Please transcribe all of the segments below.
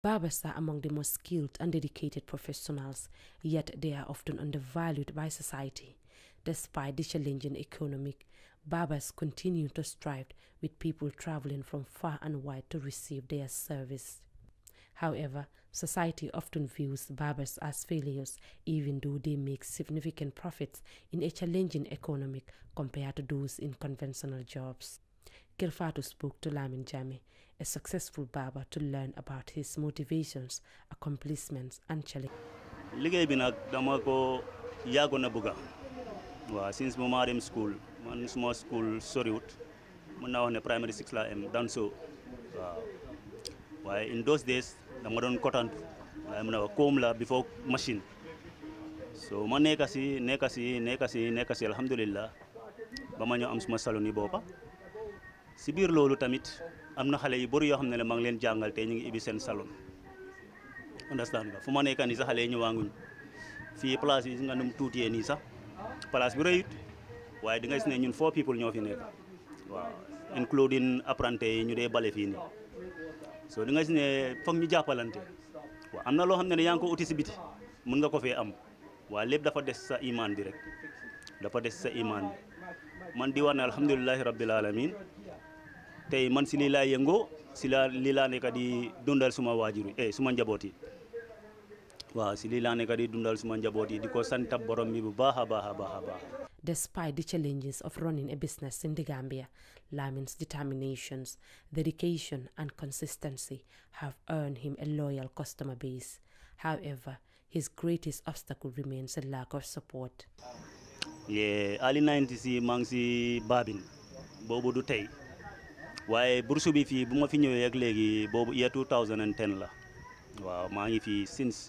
Barbers are among the most skilled and dedicated professionals, yet they are often undervalued by society. Despite the challenging economic, barbers continue to strive with people traveling from far and wide to receive their service. However, society often views barbers as failures even though they make significant profits in a challenging economic compared to those in conventional jobs. Kirfatu spoke to Lamin Jami, a successful barber, to learn about his motivations, accomplishments, and challenges. liggéey bi nag dama ko yàggoon a bëgga waaw since mo maa dem school man suma school soriwut mën naa wax ne primary six la am danso waaw waaye in those days dama doon kotantu waaye mën na wax koom la before machine so ma nekka si nekka si nekka si nekka alhamdulillah ba ma ñëw am suma salon yi boppa Sibir bir lolu tamit amna xalé xale yu bëri yoo xam la ma ngi len jangal te ñi ngi ibi sen salon understand nga fuma ma sax xalé ñu ñëwaanguñ fi place yi nga num touté ni sax place bi rëyut waye di nga gis ñun four people ñofi fi nekk including aprante ñu dé balé fi ni so di nga gis ne foog ñu jappalanté wa amna lo loo ya nga ko uti ci biti mën nga ko fee am wa lepp dafa dess sa iman bi rek dafa dess sa iman man di wax rabbil alamin man di dundal suma eh suma di dundal suma borom mi bu Despite the challenges of running a business in the Gambia, Lamin's determinations, dedication, and consistency have earned him a loyal customer base. However, his greatest obstacle remains a lack of support. Yeah, early 90s, maa ngi si baabin tey. waaye bourse bi fii bu ma fi ñëwee ak léegi boobu year 2010 la waaw maa ngi fii since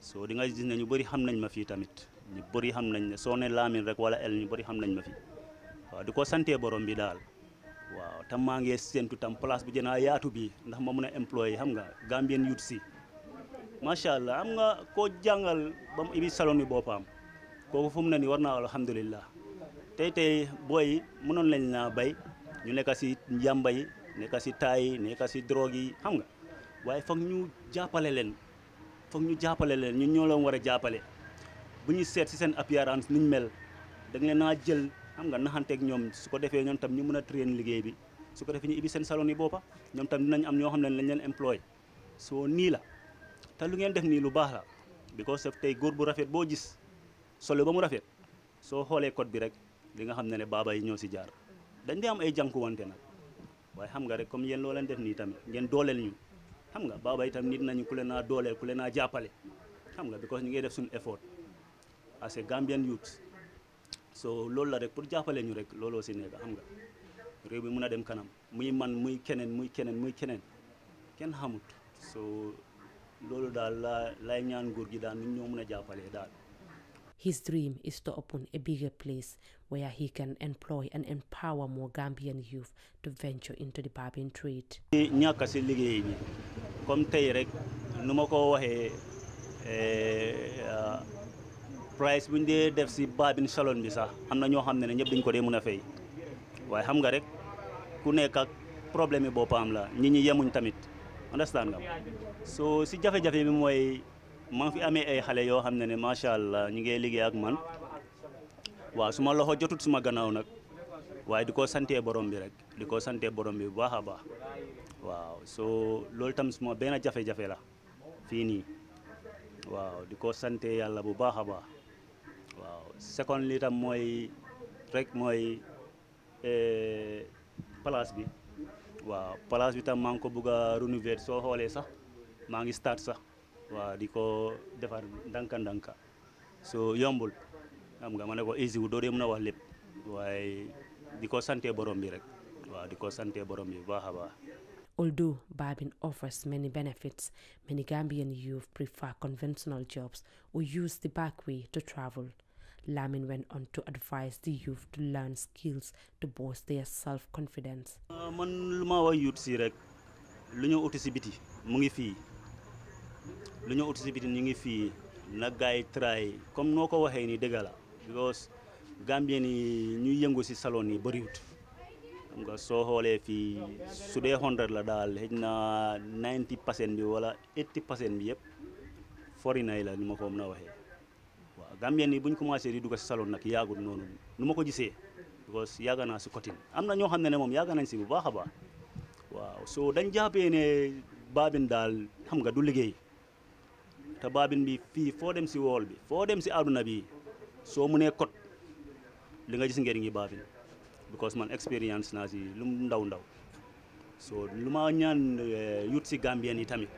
soo di nga gis ne ñu bëri xam nañ ma fii tamit ñu bëri xam nañ ne soo ne rek wala ñu bëri xam nañ ma fi waaw di ko santee borom bi daal waaw tam maa ngi séntu tam place bu jënaa yaatu bi ndax ma mun a employé xam nga Gambien youth si macha allah xam nga koo jàngal ba mu ibi salon bi boppam kooku fu mu ne nii war naa alhamdulillah tey tey booy mënoon lañ naa bay ñu nekka si njàmba yi nekk si taay yi nekk si drogue yi xam nga waaye foog ñu jàppale leen foog ñu jàppale leen ñu ñoo leen war a jàppale bu ñu seet si seen apparence ñu mel da nga leen naa jël xam nga naxanteeg ñoom su ko defee ñoom tam ñu mën a train liggéey bi su ko defee ñu ibi seen salon yi boppa ñoom tam dinañ am ñoo xam ne lañ leen employé soo nii la te lu ngeen def nii lu baax la because tey góor bu rafet boo gis solo ba mu rafet soo xoolee code bi rek li nga xam ne ne baaba yi ñoo si jaar dañ di am ay wante nag waaye xam nga rek comme yéen loo leen def nii tamit ngeen dooleel ñu xam nga baaba itam nit nañu ku leen naa dooleel ku leen naa jàppale xam nga because ñu ngi def suñu effort as a Gambian youth so loolu la rek pour jàppale ñu rek looloo si nekk xam nga réew bi mun a dem kanam muy man muy keneen muy keneen muy keneen kenn xamut so loolu daal la laay ñaan nguur gi daal nu ñoo mun a jàppalee daal His dream is to open a bigger place where he can employ and empower more Gambian youth to venture into the barbing trade. ñàkk si liggéey ñi comme tey rek nu ma ko waxee eh, price bu ñu dee def si barbing salon bi sax am na ñoo xam ne ne ñëpp dañ ko dee mën a fay waaye xam nga rek ku nekk ak problème yi am la ñi ñi yemuñ tamit understand nga so si jafe-jafe bi mooy. ma fi amee ay xale yoo xam ne ne macha allah ñu ngi liggéey ak man waaw su ma loxo jotut suma gannaaw nag waaye di koo santee borom bi rek di koo sante borom bi bu baax a baax waaw soo loolu tam suma benn jafe-jafe la fii nii waaw di ko santee yàlla bu baax a baax waaw second li tam mooy rek mooy eh, place bi waaw place bi tam maa ngi ko bëgg a renouveler soo xoolee sax maa ngi start sax waaw di ko defar ndànka ndànka so yombul xam nga ma ne ko easy wu doo dee mën a wax lépp waaye di ko sante borom bi rek waaw di ko sante borom bi baax a baax Although Babin offers many benefits, many Gambian youth prefer conventional jobs or use the back way to travel. Lamin went on to advise the youth to learn skills to boost their self-confidence. Ah, man lu ma wax youth si rek lu ñu uti si biti mu ngi fii lu ñu utisibiti ñu ngi fii na gaay traay comme noo ko waxee nii dëgg la because gambien yi ñuy yëngu si salon yi bëriwut xam nga soo xoolee fii su dee hundred la daal xëj na ninety percent bi wala eighty percent bi yëpp forinay la ni ma ko mën a waxee waaw gambien yi bu ñu commencé di dugg si salon nag yaagut noonu nu ma ko gisee because yàgg naa si cotine am na ñoo xam ne ne moom yàgg nañ si bu baax a baax waaw so dañ jàppee ne baabin daal xam nga du liggéey te baabin bi fii foo dem si wool bi foo dem si àdduna bi soo mënee kot li nga gis njëriñ yi baabin because man expérience naa si lu ndaw ndaw soo lu ma ñaan eh, yut si Gambien yi tamit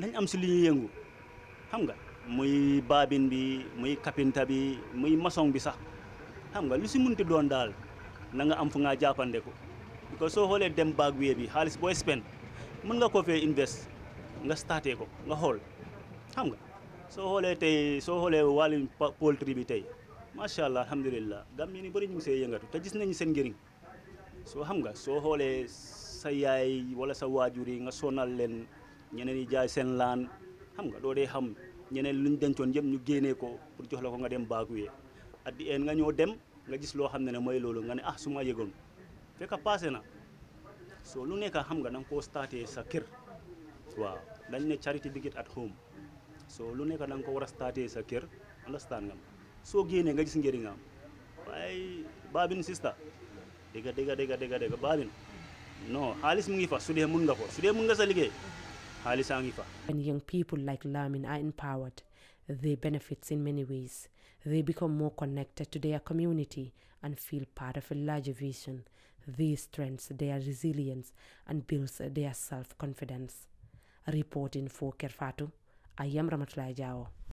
nañ am si li ñuy yëngu xam nga muy baabin bi muy kapinta bi muy maçon bi sax xam nga lu si munti doon daal na nga am fu ngaa jàppande ko because soo xoolee dem baag wee bi xaalis boo spend mën nga ko fee invest nga starté ko nga xool xam nga soo xoolee tey soo xoolee wàllum poultry bi tey macha allah alhamdulilah Gambie ni bëri ñu ngi see yëngatu te gis nañu seen njëriñ soo xam nga soo xoolee sa yaay wala sa waajur yi nga soonal leen ñeneen yi jaay seen laan xam nga doo dee xam ñeneen ñu dencoon yëpp ñu génnee ko pour jox la ko nga dem baaguyee at di nga ñoo dem nga gis loo xam ne ne mooy loolu nga ne ah su ma yëgoon fekk passé na soo lu nekk xam nga danga koo staatee sa kër waaw dañ ne charity begins at home so lu nekk da nga ko war a staatee sa kër understand nga soo génnee nga gis njëriñam waaye baabin sista diga dégg dégg dégg dégg baabin non xaalis mu ngi fa su dee mun nga ko su dee mun nga sa liggéey xaalis a ngi fa. When young people like Lamin are empowered, they benefits in many ways. They become more connected to their community and feel part of a larger vision. these strengthens their resilience and builds their self-confidence. Reporting for Kerfatu. ayam ramachlajawo